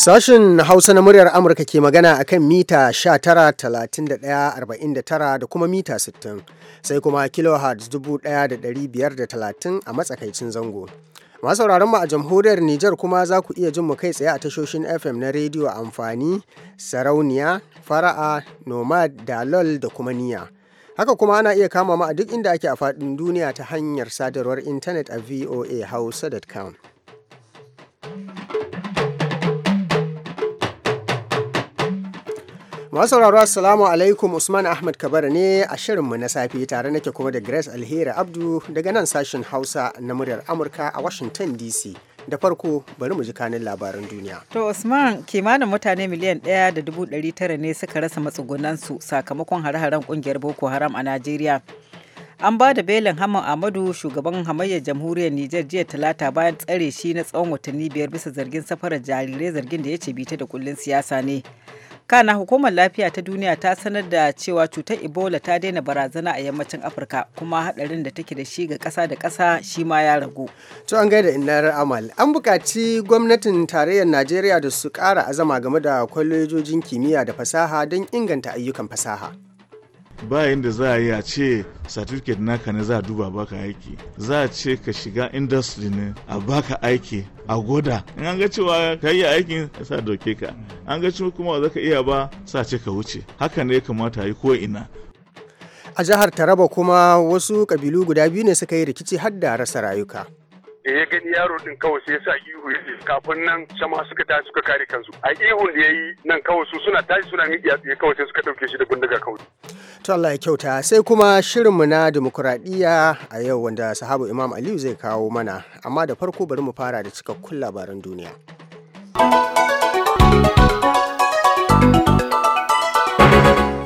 Sashen Hausa na muryar Amurka ke magana a kan mita 19,39 da kuma mita 60, sai kuma kilohertz 1,530 a matsakaicin zango. masu mu a jamhuriyar Nijar kuma za ku iya jin mu kai tsaye a tashoshin FM na rediyo amfani, sarauniya, fara'a, nomad, dalol da kuma niya. Haka kuma ana iya kama mu a duk inda ake a faɗin duniya ta hanyar sadarwar intanet a voa voahausa.com. masu sauraro assalamu alaikum usman ahmad kabara ne a shirinmu na safe tare nake kuma da grace alheri abdu daga nan sashen hausa na muryar amurka a washington dc da farko bari mu ji kanin labaran duniya. To Usman kimanin mutane miliyan ɗaya da dubu ɗari tara ne suka rasa matsugunansu sakamakon hare-haren kungiyar Boko Haram a nigeria An ba da belin Haman Amadu shugaban hamayyar jamhuriyar Nijar jiya talata bayan tsare shi na tsawon watanni biyar bisa zargin safarar jarirai zargin da ya ce bita da kullun siyasa ne. kana hukumar lafiya ta duniya ta sanar da cewa cutar ebola ta daina barazana a yammacin afirka kuma hadarin da take da shi ga kasa da kasa shi ma ya ragu to an gaida inar amal an bukaci gwamnatin tarayyar najeriya da su kara azama game da kwalejojin kimiyya da fasaha don inganta ayyukan fasaha ba yadda za a yi a ce certificate naka ne za a duba baka aiki za a ce ka shiga industry ne a baka aiki a goda in an ga cewa ka yi aikin sa doke ka an ga cewa kuma za ka iya ba sa ce ka wuce haka ne ya kamata yi ko ina a jihar taraba kuma wasu kabilu guda biyu ne suka yi rikici har da rasa rayuka da ya gani yaro din kawai sai ya sa ihu ya ce kafin nan sama suka tashi suka kare kansu a ihun da ya yi nan kawai su suna tashi suna miƙiya tsaye kawai sai suka ɗauke shi da bindiga kawai. to Allah ya kyauta sai kuma shirin mu na demokuraɗiyya a yau wanda sahabu imam aliyu zai kawo mana amma da farko bari mu fara da cikakkun labaran duniya.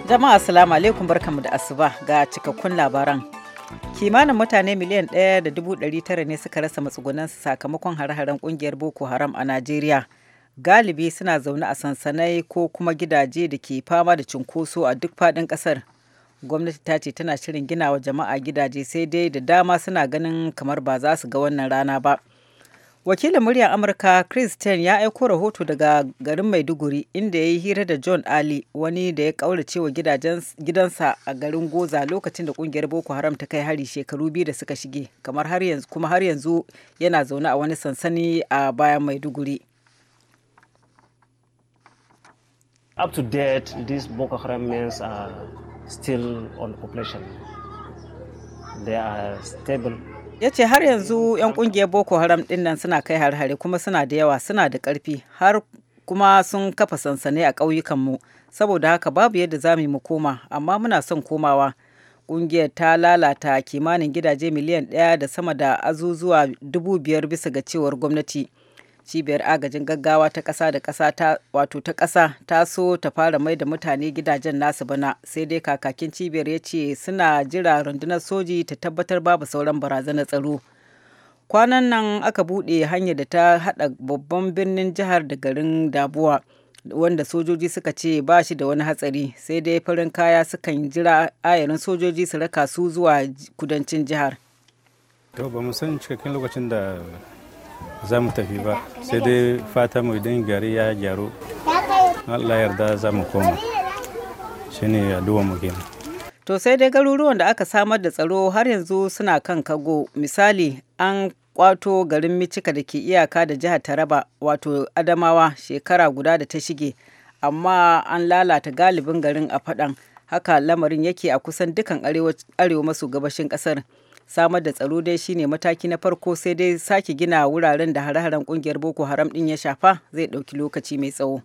jama'a assalamu alaikum barkamu da asuba ga cikakkun labaran kimanin mutane miliyan ɗaya da dubu ɗari tara ne suka rasa matsugunansu sakamakon hare-haren ƙungiyar boko haram a najeriya galibi suna zaune a sansanai ko kuma gidaje da ke fama da cunkoso a duk faɗin ƙasar gwamnati ta ce tana shirin gina wa jama'a gidaje sai dai da dama suna ganin kamar ba za su ga wannan rana ba wakilin muryar amurka christian ya aiko rahoto daga garin maiduguri inda ya yi hira da john ali wani da ya kaurace wa gidansa a garin goza lokacin da kungiyar boko haram ta kai hari shekaru biyu da suka shige kamar har yanzu kuma har yanzu yana zaune a wani sansani a bayan maiduguri up to date these boko haram men are still on population they are stable ya ce har yanzu 'yan kungiyar boko haram dinnan suna kai har-hare kuma suna da yawa suna da karfi har kuma sun kafa sansanai a ƙauyukanmu saboda haka babu yadda za mu koma amma muna son komawa kungiyar ta lalata kimanin gidaje miliyan ɗaya da sama da azuzuwa dubu biyar bisa ga cewar gwamnati cibiyar agajin gaggawa ta ƙasa da ƙasa ta wato ta ƙasa ta so ta fara mai da mutane gidajen nasu bana sai dai kakakin cibiyar ya ce suna jira rundunar soji ta tabbatar babu sauran barazanar tsaro kwanan nan aka buɗe hanyar da ta haɗa babban birnin jihar da garin dabuwa wanda sojoji suka ce ba shi da wani hatsari sai dai farin kaya sukan jira ayarin sojoji su raka su zuwa kudancin jihar to ba mu san cikakken lokacin da za mu tafi ba sai dai fata mu idan gari ya gyaru allah yarda za mu koma shine addu'a mu kenan to sai dai garuruwan da aka samar da tsaro har yanzu suna kan kago misali an kwato garin micika da ke iyaka da jihar taraba wato adamawa shekara guda da ta shige amma an lalata galibin garin a faɗan haka lamarin yake a kusan dukan arewa maso gabashin ƙasar samar da tsaro dai shine mataki na farko sai dai sake gina wuraren da hare-haren kungiyar boko haram din ya shafa zai dauki lokaci mai tsawo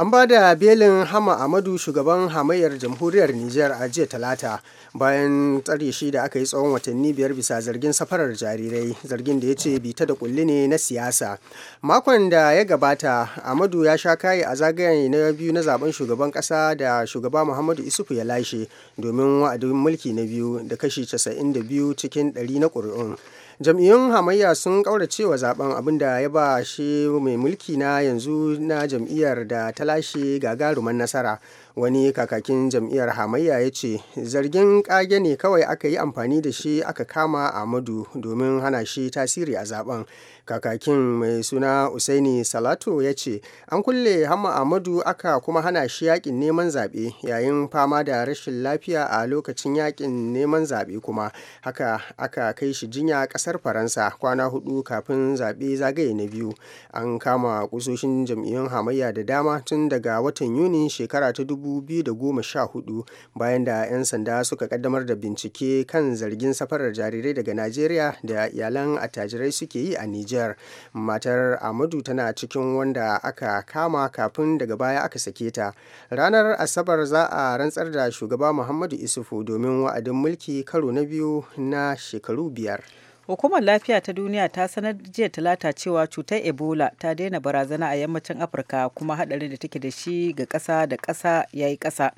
an ba da belin hama amadu shugaban hamayyar jamhuriyar Nijar a jiya talata bayan tsare shi da aka yi tsawon watanni biyar bisa zargin safarar jarirai zargin da ya ce bita da kulli ne na siyasa makon da ya gabata amadu ya sha kayi a zagaye na biyu na zaben shugaban kasa da shugaba muhammadu isufu ya lashe domin wa'adin mulki na biyu da kashi 92 cikin 100 na ƙuri'un jam'iyyun hamayya sun kauracewa zaben abin da ya ba shi mai mulki na yanzu na jam'iyyar da ta lashe gagaruman nasara wani kakakin jam'iyyar hamayya ya ce zargin ƙage ne kawai aka yi amfani da shi aka kama amadu domin hana shi tasiri a zaben kakakin mai suna usaini salatu ya ce an kulle hamma amadu aka kuma hana shi yakin neman zaɓe yayin fama da rashin lafiya a lokacin yakin neman zaɓe kuma haka aka kai shi jinya ƙasar faransa kwana hudu kafin zaɓe zagaye na biyu an kama kusoshin jam'iyyun hamayya da dama tun daga watan yuni shekara ta 2014 bayan da 'yan sanda suka kaddamar da bincike kan zargin safarar jarirai daga Najeriya da iyalan attajirai suke yi a Nijar. Matar Amadu tana cikin wanda aka kama kafin daga baya aka sake ta. Ranar Asabar za a rantsar da shugaba Muhammadu Isufu domin wa'adin mulki karo na biyu na shekaru biyar. Hukumar Lafiya ta Duniya ta sanar jiya talata cewa cutar Ebola ta daina barazana a yammacin Afirka kuma haɗarin da take da shi ga kasa da ƙasa ya yi ƙasa.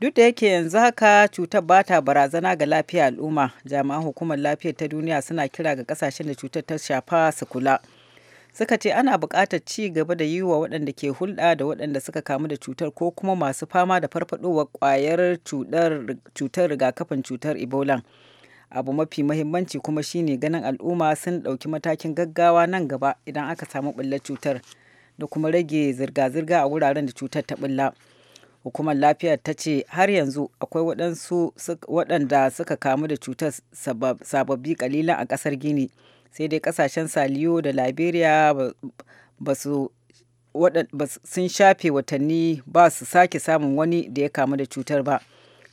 Duk da yake yanzu haka cutar ba ta barazana ga lafiya al'umma, jami'an hukumar lafiya ta duniya suna kira ga kasashen da cutar ta shafa su kula. Suka ce ana buƙatar ci gaba da yi wa waɗanda ke hulɗa da waɗanda suka kamu da cutar ko kuma masu fama da farfaɗowar ƙwayar cutar rigakafin cutar Ebola. abu mafi mahimmanci kuma shine ganin al'umma sun ɗauki matakin gaggawa nan gaba idan aka samu ɓullar cutar da kuma rage zirga-zirga a wuraren da cutar ta ɓulla hukumar lafiya ta ce har yanzu akwai waɗansu waɗanda suka kamu da cutar sababbi kalilan a ƙasar gini sai dai ƙasashen saliyo da liberia ba su sun shafe watanni ba su sake samun wani da ya kamu da cutar ba.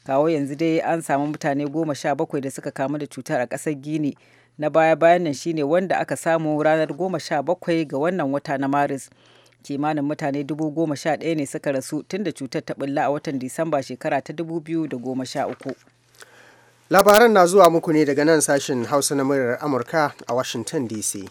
kawo yanzu dai an samu mutane goma sha bakwai da suka kamu da cutar a ƙasar gini na baya-bayan nan shine wanda aka samu ranar goma sha bakwai ga wannan wata na maris kimanin mutane dubu goma sha ɗaya ne suka rasu tun da cutar ta bulla a watan disamba shekara ta dubu biyu da goma sha uku labaran na zuwa muku ne daga nan sashen hausa na muryar amurka a washington dc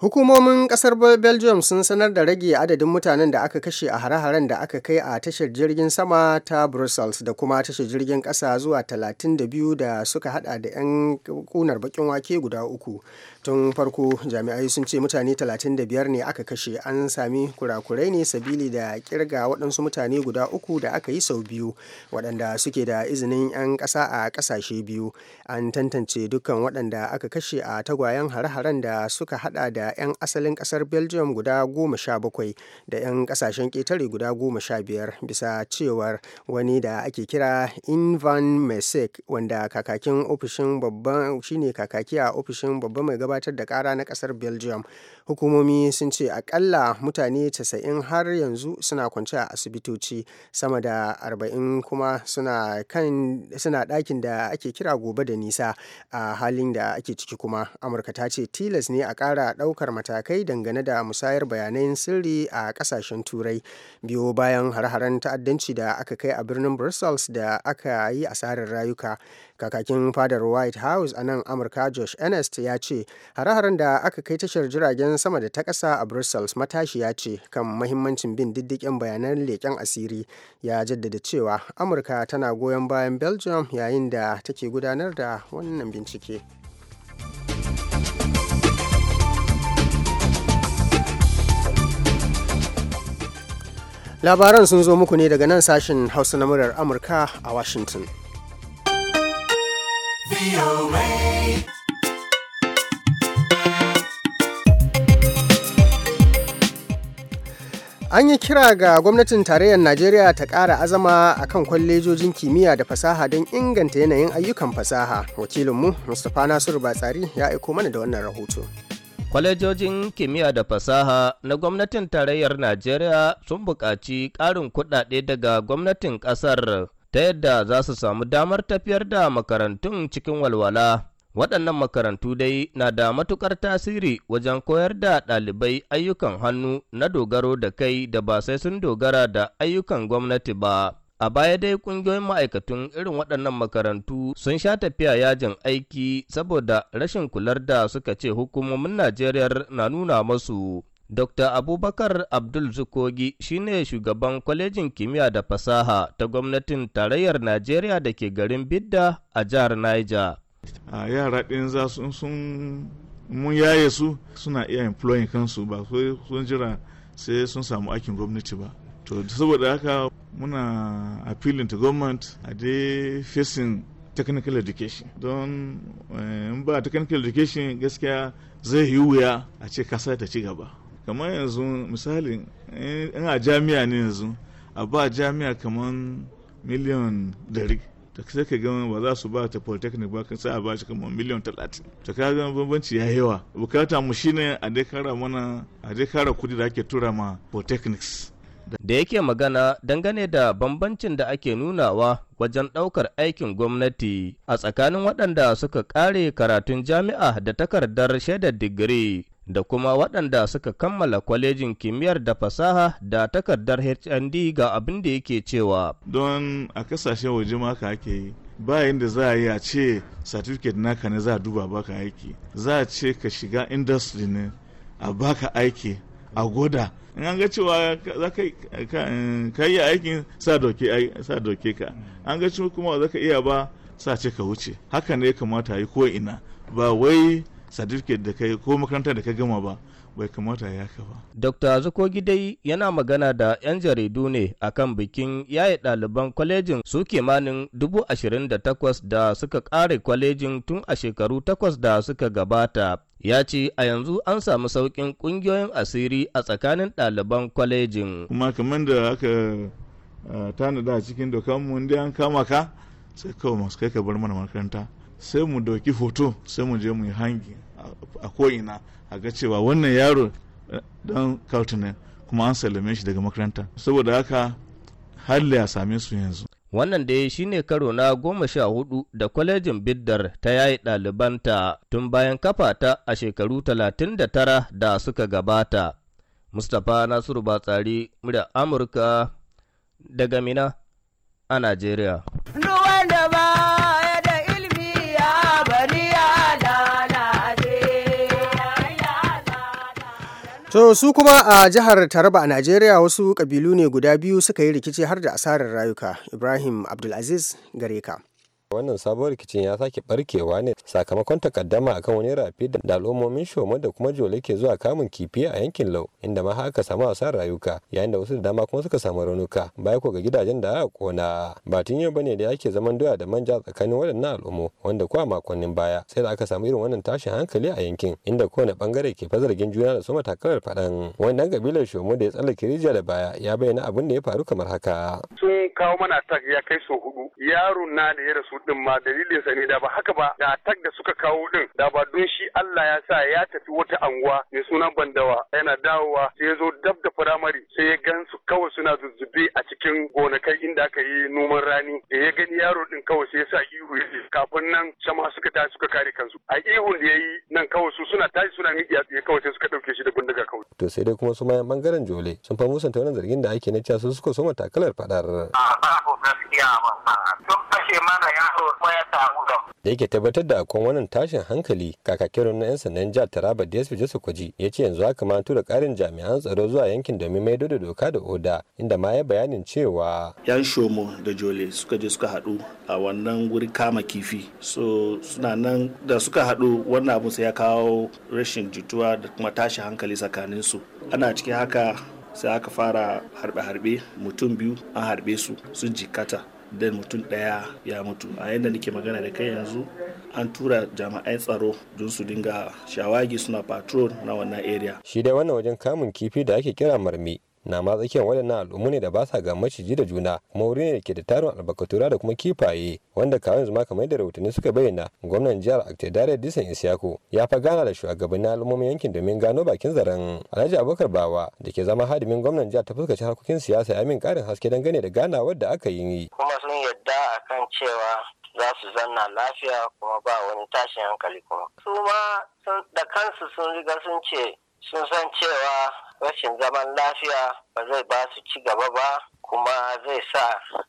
Hukumomin kasar Belgium sun sanar da rage adadin mutanen da aka kashe a hare-haren da aka kai a tashar jirgin sama ta Brussels da kuma tashar jirgin kasa zuwa 32 da suka hada da 'yan kunar bakin wake guda uku. tun farko jami'ai sun ce mutane 35 ne aka kashe an sami kurakurai ne sabili da kirga waɗansu mutane guda uku da aka yi sau biyu waɗanda suke da izinin 'yan ƙasa a ƙasashe biyu an tantance dukkan waɗanda aka kashe a tagwayen hare-haren da suka haɗa da 'yan asalin ƙasar belgium guda goma sha bakwai da 'yan ƙasashen ƙetare guda goma sha biyar bisa cewar wani da ake kira invan mesek wanda kakakin ofishin babban shine kakaki a ofishin babban mai gabatar da kara na kasar belgium hukumomi sun ce akalla mutane 90 har yanzu suna kwance a asibitoci sama da 40 kuma suna kan ɗakin da ake kira gobe da nisa a halin da ake ciki kuma amurka ta ce tilas ne a ƙara ɗaukar matakai dangane da musayar bayanan sirri a ƙasashen turai biyo bayan har-haren ta'addanci da aka kai a birnin brussels da aka yi asarar rayuka kakakin fadar white house a nan amurka josh ernest ya ce hare-haren da aka kai tashar jiragen sama da ta ƙasa a brussels matashiya ce kan mahimmancin bin diddikin bayanan leƙen asiri ya jaddada cewa amurka tana goyon bayan belgium yayin da take gudanar da wannan bincike. labaran sun zo muku ne daga nan sashen hausa na murar amurka a washington An yi kira ga gwamnatin tarayyar Najeriya ta ƙara azama a kan kwallejojin kimiyya da fasaha don inganta yanayin ayyukan fasaha. Wakilinmu Mustapha Nasiru Batsari ya aiko mana da wannan rahoto. Kwalejojin kimiyya da fasaha na gwamnatin tarayyar Najeriya sun buƙaci ƙarin kuɗaɗe daga gwamnatin ƙasar. ta yadda za su samu damar tafiyar da makarantun cikin walwala. Waɗannan makarantu dai na da matuƙar tasiri wajen koyar da ɗalibai ayyukan hannu na dogaro da kai da ba sai sun dogara da ayyukan gwamnati ba. A baya dai ƙungiyoyin ma'aikatun irin waɗannan makarantu sun sha tafiya yajin aiki saboda rashin kular da suka ce hukumomin Najeriya na nuna masu. Dr. Abubakar Abdul Zukogi shine shugaban kwalejin kimiyya da fasaha ta gwamnatin tarayyar Najeriya da ke garin Bidda a jihar Niger. yara ɗin za sun mun yaye su suna iya employing kansu ba sun jira sai sun samu aikin gwamnati ba. To saboda haka muna appealing to government a dey facing technical education don eh, in ba technical education gaskiya zai yi wuya a ce kasa ta ci gaba. kamar yanzu misali in a jami'a ne yanzu a ba jami'a kamar miliyan dari ta sai ka gama ba za su ba ta polytechnic ba sai a ba shi kamar miliyan talatin ta ka gama bambanci ya yawa bukata mu shine a dai kara mana a dai kara kudi da ake tura ma polytechnics da yake magana dangane da bambancin da ake nunawa wajen ɗaukar aikin gwamnati a tsakanin waɗanda suka ƙare karatun jami'a da takardar shaidar digiri da kuma waɗanda suka kammala kwalejin kimiyyar da fasaha da takardar HND ga abin da yake cewa. Don a kasashen waje maka ake yi, bayan da za a yi a ce certificate naka ne za a duba baka aiki, za a ce ka shiga industry ne a baka aiki a goda. In an ga cewa za ka yi aikin sa doke ka, an ga cewa kuma za ka iya ba sa ce ka wuce. Haka ne ya kamata yi ko ina, ba wai certificate da kai ko makaranta da ka gama ba bai kamata ya ka ba. Dr. Zuko Gidai yana magana da 'yan jaridu ne akan bikin yaye ɗaliban kwalejin su kimanin dubu ashirin da takwas da suka ƙare kwalejin tun a shekaru takwas da suka gabata. Ya ce a yanzu an samu sauƙin ƙungiyoyin asiri a tsakanin ɗaliban kwalejin. Kuma kamar da aka eh, tanada cikin dokanmu inda an kama ka sai kawai masu kai ka bar mana makaranta. sai mu dauki hoto sai mu je mu yi hangi a ko'ina a ga cewa wannan yaro eh, don kautunan kuma an salame shi daga makaranta saboda haka halle a same su yanzu wannan da dai shine karo na goma sha hudu da kwalejin biddar ta yayi ɗalibanta tun bayan kafa ta a shekaru talatin da tara da suka gabata mustapha nasiru batsari murya amurka daga mina a najeriya ruwan To su kuma a jihar Taraba a Najeriya wasu kabilu ne guda biyu suka yi rikici har da asarar rayuka. Ibrahim Abdulaziz Gareka. wannan sabuwar rikicin ya sake barkewa ne sakamakon takaddama akan wani rafi da al'ummomin shomo da kuma jole ke zuwa kamun kifi a yankin lau inda ma haka samu asarar rayuka yayin da wasu da dama kuma suka samu raunuka baya ko ga gidajen da aka kona ba tun yau bane da yake zaman doya da manja tsakanin waɗannan al'ummo wanda kuwa makonnin baya sai da aka samu irin wannan tashin hankali a yankin inda kowane bangare ke fazargin juna da su matakalar faɗan wannan kabilar shomo da ya tsallake rijiya da baya ya bayyana abin da ya faru kamar haka. sun kawo mana attack ya kai so hudu yaro na da ya rasu din ma dalilin sa ne da ba haka ba da tag da suka kawo din da ba dun shi Allah ya sa ya tafi wata anguwa mai sunan bandawa yana dawowa sai ya zo dab da firamare sai ya gan su kawai suna zuzzube a cikin gonakai inda aka yi noman rani da ya gani yaro din kawai sai ya sa ihu kafin nan shama suka tashi suka kare kansu a ihun da ya yi nan kawai su suna tashi suna miƙiya tsaye kawai sai suka ɗauke shi da bindiga kawai. to sai dai kuma su ma bangaren jole sun fa musanta wannan zargin da ake na cewa su suka so matakalar fadar. a ba ko gaskiya ba da yake tabbatar da akwai wannan tashin hankali kakakin na 'yan sandan jihar taraba dsp jisa kwaji ya ce yanzu haka ma tura karin jami'an tsaro zuwa yankin domin maido da doka da oda inda ma ya bayanin cewa yan shomo da jole suka je suka haɗu a wannan guri kama kifi so suna nan da suka haɗu wannan abu sai ya kawo rashin jituwa da kuma tashin hankali tsakanin su ana cikin haka sai aka fara harbe-harbe mutum biyu an harbe su sun jikata da mutum daya ya mutu a yadda nake magana da kai yanzu an tura jami'ai tsaro don su dinga shawagi suna patrol na wannan area shi dai wannan wajen kamun kifi da ake kira marmi na ma tsakiyar waɗannan al'ummu ne da ba sa ga maciji da juna kuma wuri ne da ke da tarin albarkatura da kuma kifaye wanda kawai zuma kamar da rahotanni suka bayyana gwamnan jihar aktedare disan isiyako ya fa gana da shugabannin al'ummomin yankin domin gano bakin zaren alhaji abubakar bawa da ke zama hadimin gwamnan jihar ta fuskaci harkokin siyasa ya min karin haske dangane da ganawar da aka yi kuma sun yadda kan cewa za su zanna lafiya kuma ba wani tashin hankali kuma su ma da kansu sun riga sun ce sun san cewa rashin zaman lafiya ba zai ba su ci gaba ba kuma zai sa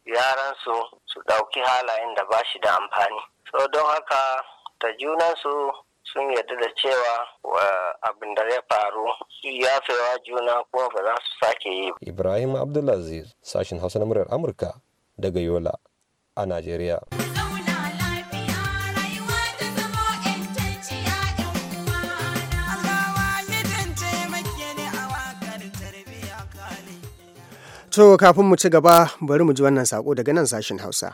yaransu su ɗauki halayen da ba shi da amfani. So don haka ta junansu sun yarda da cewa abin da ya faru su yafewa juna kuma ba za su sake yi. Ibrahim Abdulaziz sashin Hausa na muryar Amurka daga Yola a Najeriya. To kafin mu ci gaba bari mu ji wannan sako daga nan sashen Hausa.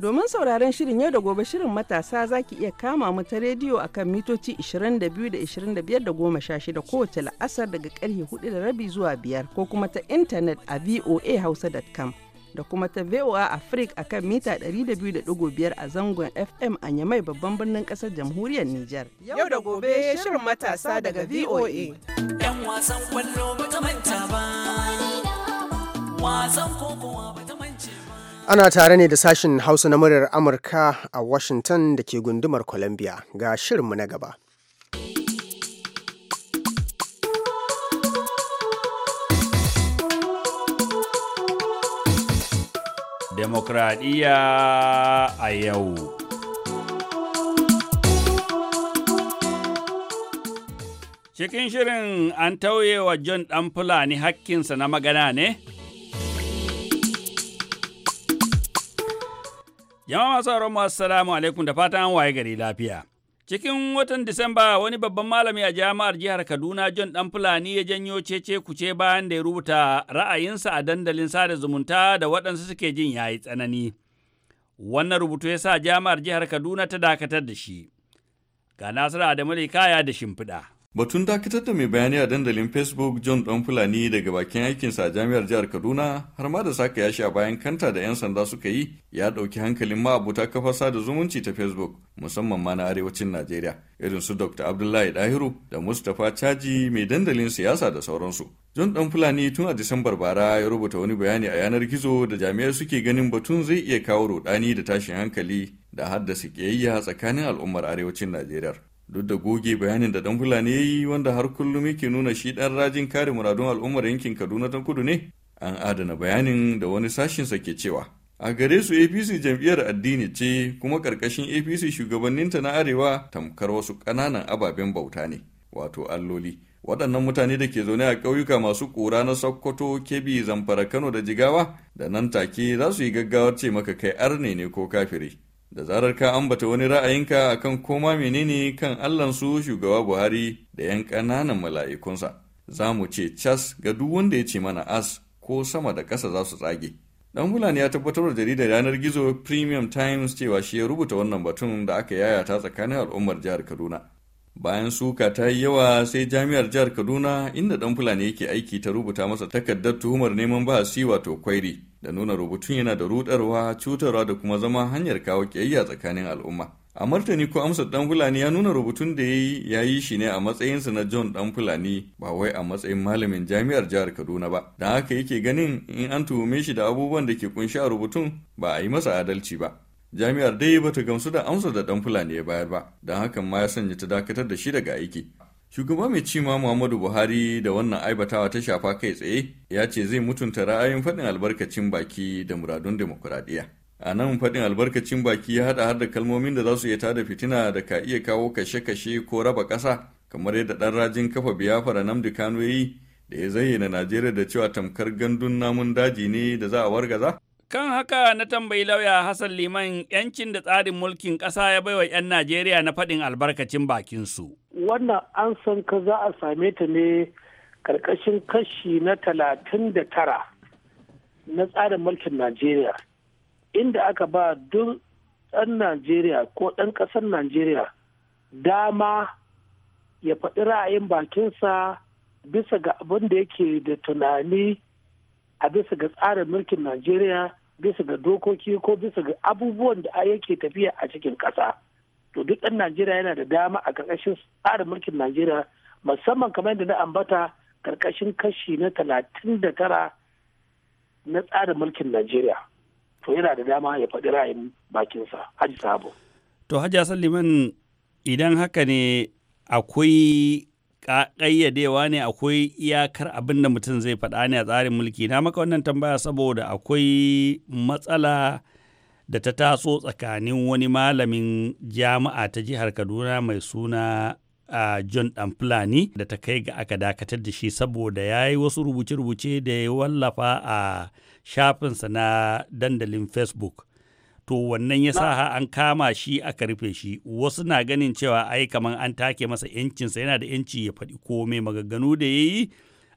Domin sauraron shirin yau da gobe shirin matasa za ki iya kama mu ta rediyo akan mitoci 22 da 25 da 16 kowace la'asar daga karhe 4 da rabi zuwa biyar ko kuma ta intanet a voahausa.com da kuma ta VOA Africa akan mita 200.5 a zangon FM a Yamai babban birnin kasar jamhuriyar Nijar. Yau da gobe shirin matasa daga VOA. Yan wasan kwallo ba ta manta ba. Wasan kokowa ba. Ana tare ne da sashin Hausa na muryar Amurka a Washington da ke gundumar Columbia ga shirinmu na gaba. Demokradiyya a yau. Cikin shirin an tauye wa John ɗan Fulani hakkinsa na magana ne? Yawan masu mu assalamu alaikum da fatan an waye gari lafiya. Cikin watan Disamba wani babban malami a jami'ar jihar Kaduna John Dan Fulani ya janyo cece kuce bayan da ya rubuta ra'ayinsa a dandalin sada zumunta da waɗansu suke jin yayi tsanani. Wannan rubutu ya sa jami'ar jihar Kaduna ta dakatar da shi. Ga Nasiru Adamu Kaya da shimfiɗa. Batun dakatar da mai bayani a dandalin Facebook John Don Fulani daga bakin aikinsa a jami'ar jihar Kaduna har ma da saka yashi a bayan kanta da 'yan sanda suka yi ya ɗauki hankalin ma'abuta kafar sada zumunci ta Facebook musamman ma na arewacin Najeriya irin su Dr. Abdullahi Dahiru da Mustapha Caji mai dandalin siyasa da sauransu. John Don Fulani tun a Disambar bara ya rubuta wani bayani a yanar gizo da jami'ai suke ganin batun zai iya kawo rudani da tashin hankali da haddasa kiyayya tsakanin al'ummar arewacin Najeriya. duk da goge bayanin da dan fulani ya yi wanda har kullum yake nuna shi dan rajin kare muradun al'ummar yankin kaduna ta kudu ne an adana bayanin da wani sashinsa ke cewa a gare su apc jam'iyyar addini ce kuma karkashin apc shugabanninta na arewa tamkar wasu ƙananan ababen bauta ne wato alloli waɗannan mutane da ke zaune a ƙauyuka masu ƙura na sokoto kebbi zamfara kano da jigawa da nan take za su yi gaggawar ce maka kai arne ne ko kafire da zarar ka ambata wani ra'ayinka a kan koma menene kan allansu shugaba buhari da 'yan ƙananan mala'ikunsa za mu ce cas ga duk wanda ya ce mana as ko sama da ƙasa za su tsage dan fulani ya tabbatar da jaridar yanar gizo premium times cewa shi ya rubuta wannan batun da aka yayata tsakanin al'ummar jihar kaduna bayan suka ta yi yawa sai jami'ar jihar kaduna inda dan fulani yake aiki ta rubuta masa takardar tuhumar neman ba wato kwairi da nuna rubutun yana da rudarwa cutarwa da kuma zama hanyar kawo kiyayya tsakanin al'umma a martani ko amsa dan fulani ya nuna rubutun da yayi ya yi shi ne a matsayinsa na john dan fulani ba wai a matsayin malamin jami'ar jihar kaduna ba da haka yake ganin in an tuhume shi da abubuwan da ke kunshi a rubutun ba a yi masa adalci ba jami'ar dai bata gamsu da amsa da dan fulani ya bayar ba don hakan ma ya sanya ta dakatar da shi daga aiki shugaba mai cima muhammadu buhari da wannan aibatawa ta shafa kai tsaye ya ce zai mutunta ra'ayin faɗin albarkacin baki da muradun demokuraɗiyya a nan faɗin albarkacin baki ya haɗa har da kalmomin da za su iya tada fitina da ka iya kawo kashe-kashe ko raba ƙasa kamar yadda ɗan rajin kafa biyafara namdi kano ya yi da ya zayyana najeriya da cewa tamkar gandun namun daji ne da za a wargaza Kan haka na tambayi lauya Hassan Liman ‘yancin da tsarin mulkin ƙasa ya baiwa 'yan Najeriya na faɗin albarkacin bakinsu. Wannan an san ka za a same ta ne ƙarƙashin kashi na talatin da tara na tsarin mulkin Najeriya, inda aka ba duk ɗan Najeriya ko ɗan ƙasar Najeriya dama ya faɗi ra'ayin bakinsa bisa ga abin da yake da tunani a bisa ga tsarin mulkin Najeriya bisa ga dokoki ko bisa ga abubuwan da yake tafiya a cikin ƙasa to duk ɗan najeriya yana da dama a ƙarƙashin tsarin mulkin najeriya musamman kamar yadda na ambata ƙarƙashin kashi na talatin da tara na tsarin mulkin najeriya to yana da dama ya faɗi ra'ayin bakinsa haji sabo to haji liman idan haka ne akwai ƙayyadewa ne akwai iyakar abin da mutum zai faɗa ne a tsarin mulki na maka wannan tambaya saboda akwai matsala da ta taso tsakanin wani malamin jama'a ta jihar kaduna mai suna a john fulani da ta kai ga aka dakatar da shi saboda ya yi wasu rubuce-rubuce da ya wallafa a shafinsa na dandalin facebook to wannan ya sa an kama shi aka rufe shi wasu na ganin cewa ai kamar an take masa yancinsa yana da yanci ya faɗi komai magagganu da ya yi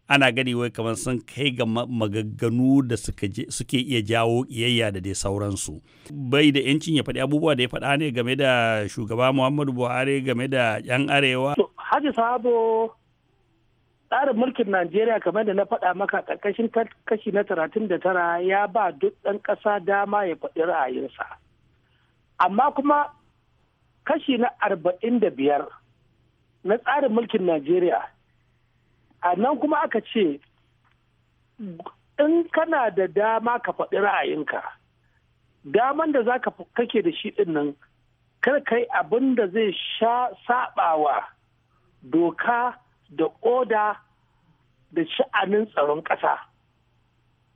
ana gani wai kamar sun kai ga magagganu da suke iya jawo ƙiyayya da dai sauransu bai da yancin ya faɗi abubuwa da ya faɗa ne game da shugaba muhammadu buhari game da yan arewa haji sabo tsarin mulkin najeriya kamar da na faɗa maka ƙarƙashin kashi na talatin da tara ya ba duk ɗan ƙasa dama ya faɗi ra'ayinsa amma kuma kashi na arba'in da biyar na tsarin mulkin najeriya a nan kuma aka ce in kana da dama ka faɗi ra'ayinka daman da za ka kake da shi ɗin nan kar kai abin da zai sha saɓawa doka da oda da sha'anin tsaron ƙasa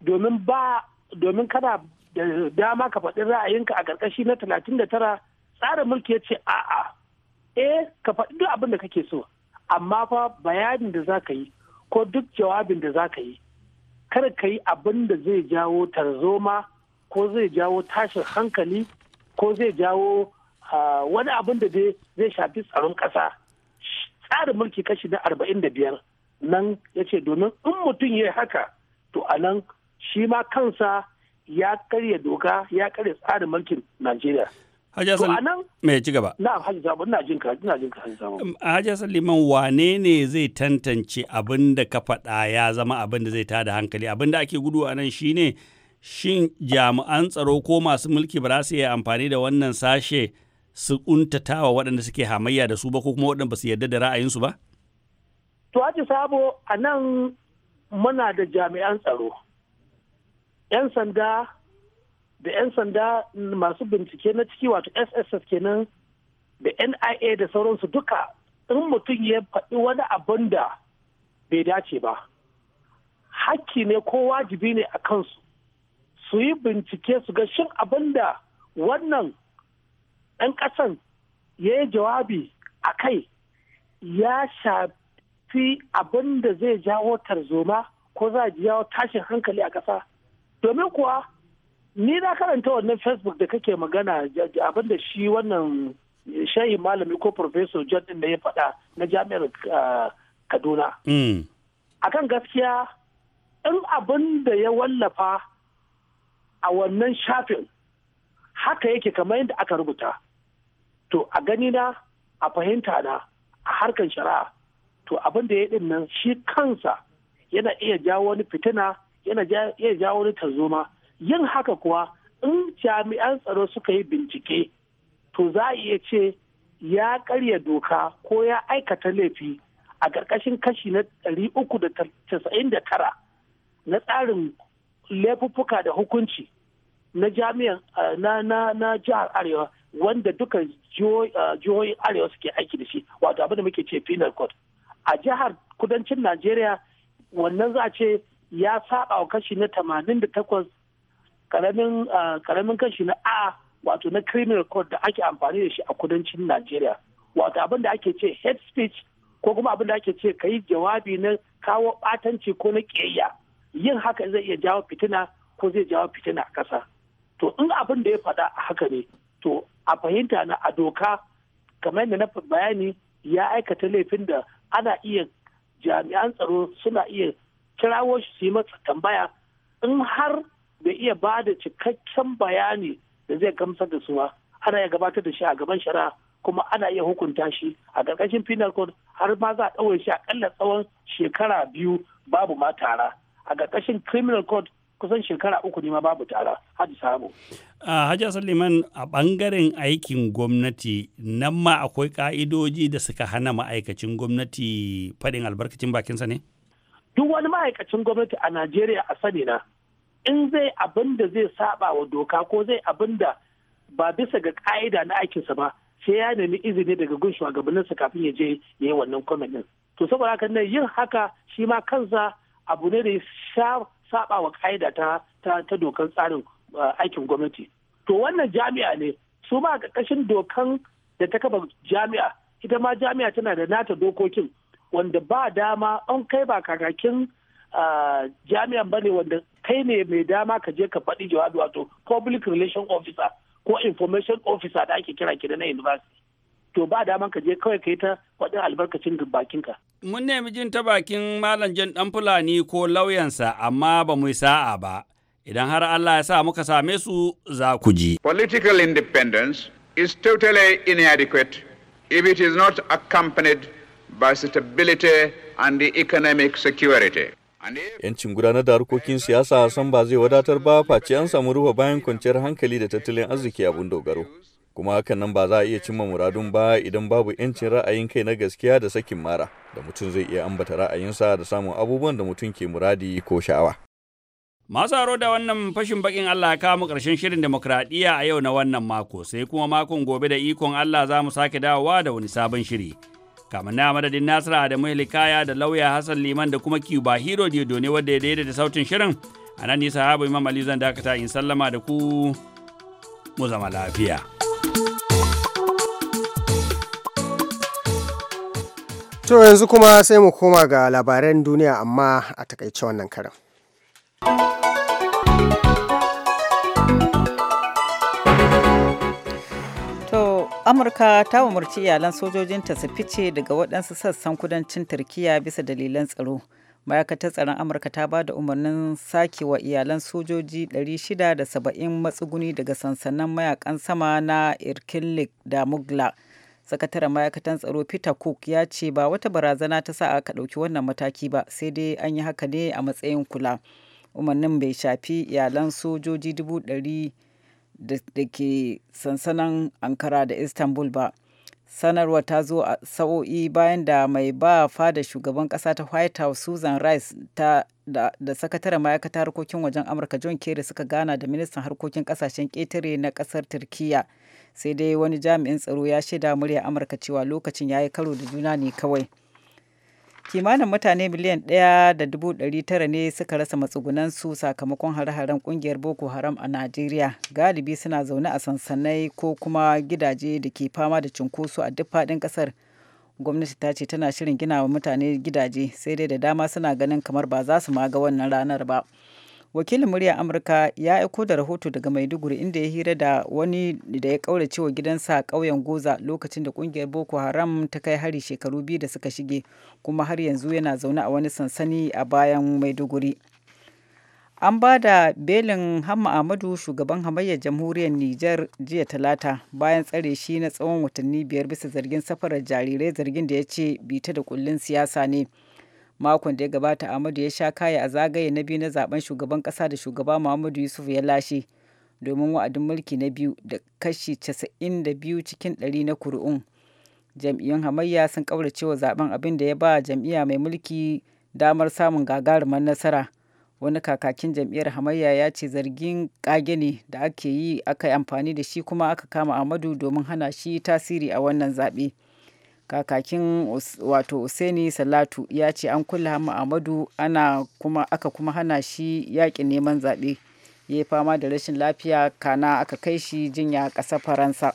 domin ba domin kana da dama ka faɗi ra'ayinka a ƙarƙashi na talatin da tara tsarin mulki ya ce a'a eh ka faɗi duk abin da kake so amma fa bayanin da za ka yi ko duk jawabin da za ka yi kada ka yi abin da zai jawo tarzoma ko zai jawo tashin hankali ko zai jawo ah, wani abin da zai shafi tsaron ƙasa tsarin mulki kashi na arba'in da biyar nan ya ce domin in mutum ya haka to a nan shi ma kansa ya karya doka ya karya tsarin mulkin najeriya Hajji Hassan Na jin ka jin um, wane ne zai tantance abin da ka faɗa ya zama abin da zai tada hankali abin da ake gudu a nan shine shin jami'an tsaro ko masu mulki ba za su yi amfani da wannan sashe su wa waɗanda suke hamayya da su ba ko kuma waɗanda ba su yarda da ra'ayinsu ba? To aji sabo a nan muna da jami'an tsaro, 'yan sanda da 'yan sanda masu bincike na ciki wato SSS kenan da NIA da sauransu duka in mutum ya faɗi wani abin da bai dace ba. Hakki ne ko wajibi ne a kansu su yi bincike su ga shin abin da wannan ɗan ƙasan ya yi jawabi a kai ya shafi abin da zai jawo tarzoma ko za a jawo tashin hankali a ƙasa domin kuwa ni na karanta wannan facebook da kake magana abin da shi wannan shayi malami ko professor jordan da ya faɗa na jami'ar ah, kaduna hmm. a kan gaskiya in abin da ya wallafa a wannan shafin haka yake kamar yadda aka rubuta to a gani na a fahimta na a harkar shari'a to abin da ya din nan shi kansa yana iya jawo wani fitina yana iya jawo wani tarzoma yin haka kuwa in jami'an tsaro suka yi bincike to za a iya ce ya karya doka ko ya aikata laifi a ƙarƙashin kashi na 399 na tsarin laifuffuka da hukunci na jami'an eh, na jihar arewa wanda duka uh, jihohin arewa suke aiki da shi wato abin da muke ce penal code a jihar kudancin najeriya wannan za a ce ya saba wa kashi na tamanin da takwas karamin uh, kashi na a wato na criminal code da ake amfani da shi a kudancin najeriya wato abin da ake ce head speech ko kuma abin da ake ce ka yi jawabi na kawo batanci ko na ƙiyayya yin haka zai iya jawo fitina ko zai jawo fitina a ƙasa to in abin da ya faɗa a haka ne to a fahimta na a doka kamar yadda na bayani ya aikata laifin da ana iya jami'an tsaro suna iya kirawo shi su yi masa tambaya in har bai iya ba da cikakken bayani da zai gamsar da su ba ana iya gabatar da shi a gaban shara kuma ana iya hukunta shi a ƙarƙashin penal code har ma za a ɗaure shi a ƙalla tsawon shekara biyu babu ma tara a ƙarƙashin criminal code kusan shekara uku ne ma babu tara haji sabo. a Hajiya Suleiman a bangaren aikin gwamnati nan ma akwai ka'idoji da suka hana ma'aikacin gwamnati faɗin albarkacin bakinsa ne? Duk wani ma'aikacin gwamnati a Najeriya a sani na in zai abin da zai saba wa doka ko zai abin da ba bisa ga ƙa'ida na aikinsa ba sai ya nemi izini daga gun shugabanninsa kafin ya je ya yi wannan kwamitin To saboda haka yin haka shi ma kansa abu ne da ya sha saba wa ka'ida ta ta dokan tsarin uh, aikin gwamnati to wannan jami'a ne su ma ƙarƙashin dokan da ta kafa jami'a ita ma jami'a tana da nata dokokin wanda ba dama an kai ba kakakin uh, jami'an ne wanda kai ne mai dama ka je ka faɗi jawabi wato public relation officer ko information officer da ake kira kira na university to ba daman ka je kawai ka yi ta faɗin albarkacin bakinka. Mun nemi jin ta bakin Malam Jan ɗan Fulani ko lauyansa amma ba mu sa'a ba. Idan har Allah ya sa muka same su za ku ji. Political independence is totally inadequate if it is not accompanied by stability and the economic security. Yancin gudanar da harkokin siyasa san ba zai wadatar ba face an samu ruwa bayan kwanciyar hankali da tattalin arziki abun dogaro. kuma hakan nan ba za a iya cimma muradun ba idan babu yancin ra'ayin kai na gaskiya da sakin mara da mutum zai iya ambata ra'ayinsa da samun abubuwan da mutum ke muradi ko sha'awa. Masu haro da wannan fashin bakin Allah ya kawo karshen shirin demokradiyya a yau na wannan mako sai kuma makon gobe da ikon Allah za mu sake dawowa da wani sabon shiri. Kamar na madadin Nasira da likaya da lauya Hassan Liman da kuma kiba Hero ne wadda ya daidaita sautin shirin. A nan nisa Habu Imam Ali zan dakata in sallama da ku mu zama lafiya. To yanzu kuma sai mu koma ga labaran duniya amma a takaice wannan karan. To Amurka ta umarci iyalan sojojinta su fice daga waɗansu sassan kudancin Turkiyya bisa dalilan tsaro. ma'aikatar tsaron amurka ta ba da umarnin sake wa iyalan sojoji 670 matsuguni daga sansanin mayakan sama na irkilik da mugla sakataren ma'aikatan tsaro peter cook ya ce ba wata barazana ta sa aka ɗauki wannan mataki ba sai dai an yi haka ne a matsayin kula umarnin bai shafi iyalan sojoji dubu ɗari da ke sansanin ankara da istanbul ba sanarwa ta zo a sa'o'i bayan da mai ba fada shugaban kasa ta white house susan rice ta da, sakataren ma'aikatar harkokin wajen amurka john kerry suka gana da ministan harkokin kasashen ƙetare na ƙasar turkiyya. sai dai wani jami'in tsaro ya shaida murya amurka cewa lokacin ya yi karo da juna ne kawai kimanin mutane miliyan ɗaya da dubu ɗari tara ne suka rasa su sakamakon hare-haren ƙungiyar boko haram a najeriya galibi suna zaune a sansanai ko kuma gidaje da ke fama da cunkoso a duk faɗin ƙasar gwamnati ta ce tana shirin gina wa mutane gidaje sai dai da dama suna ganin kamar ba za su ma ga wannan ranar ba wakilin murya amurka ya aiko da rahoto daga maiduguri inda ya hira da wani da ya kaura wa gidansa a ƙauyen goza lokacin da kungiyar boko haram ta kai hari shekaru biyu da suka shige kuma har yanzu yana zaune a wani sansani a bayan maiduguri an ba da belin hamma amadu shugaban hamayyar jamhuriyar niger jiya talata bayan tsare shi na tsawon watanni biyar bisa zargin safarar jarirai zargin da ya ce bita da kullun siyasa ne makon da ya gabata Ahmadu ya sha kaya a zagaye na biyu na zaben shugaban kasa da shugaba Muhammadu Yusuf ya lashe domin wa'adin mulki na biyu da kashi 92 cikin 100 na kuri'un. Jam'iyyun hamayya sun kauracewa zaben abin da ya ba jam'iyya mai mulki damar samun gagarumar nasara. Wani kakakin jam'iyyar hamayya ya ce zargin kage ne da ake yi aka yi amfani da shi kuma aka kama Ahmadu domin hana shi tasiri a wannan zaɓe. kakakin wato Useni Salatu ya ce an kulle Hamma Ahmadu ana kuma aka kuma hana shi yaƙin neman zaɓe. Ya yi fama da rashin lafiya kana aka kai shi jinya ƙasar Faransa.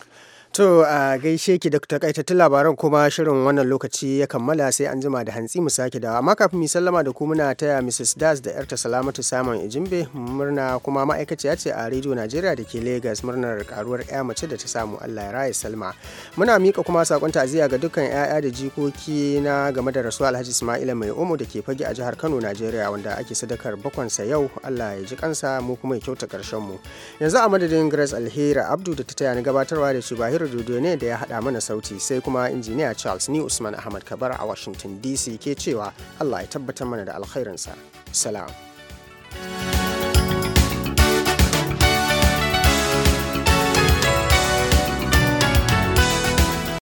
To a gaishe ki da takaitattun labaran kuma shirin wannan lokaci ya kammala sai an jima da hantsi mu sake dawa amma kafin mu sallama da ku muna taya Mrs. Das da yarta Salamatu Samun Ijimbe murna kuma ma'aikaciya ce a rediyo Najeriya da ke Lagos murnar karuwar ƴa mace da ta samu Allah ya raya Salma. Muna mika kuma sakon ta'aziyya ga dukkan yaya da jikoki na game da rasuwa Alhaji Ismaila Mai Umu da ke fage a jihar Kano Najeriya wanda ake sadakar bakwansa yau Allah ya ji kansa mu kuma ya kyauta karshen mu. Yanzu a madadin Grace Alheri Abdu da ta taya ni gabatarwa da Shubahir Chubahiro Dodo ne da ya haɗa mana sauti sai kuma injiniya Charles ni Usman Ahmad Kabar a Washington DC ke cewa Allah ya tabbatar mana da alkhairinsa. Salam.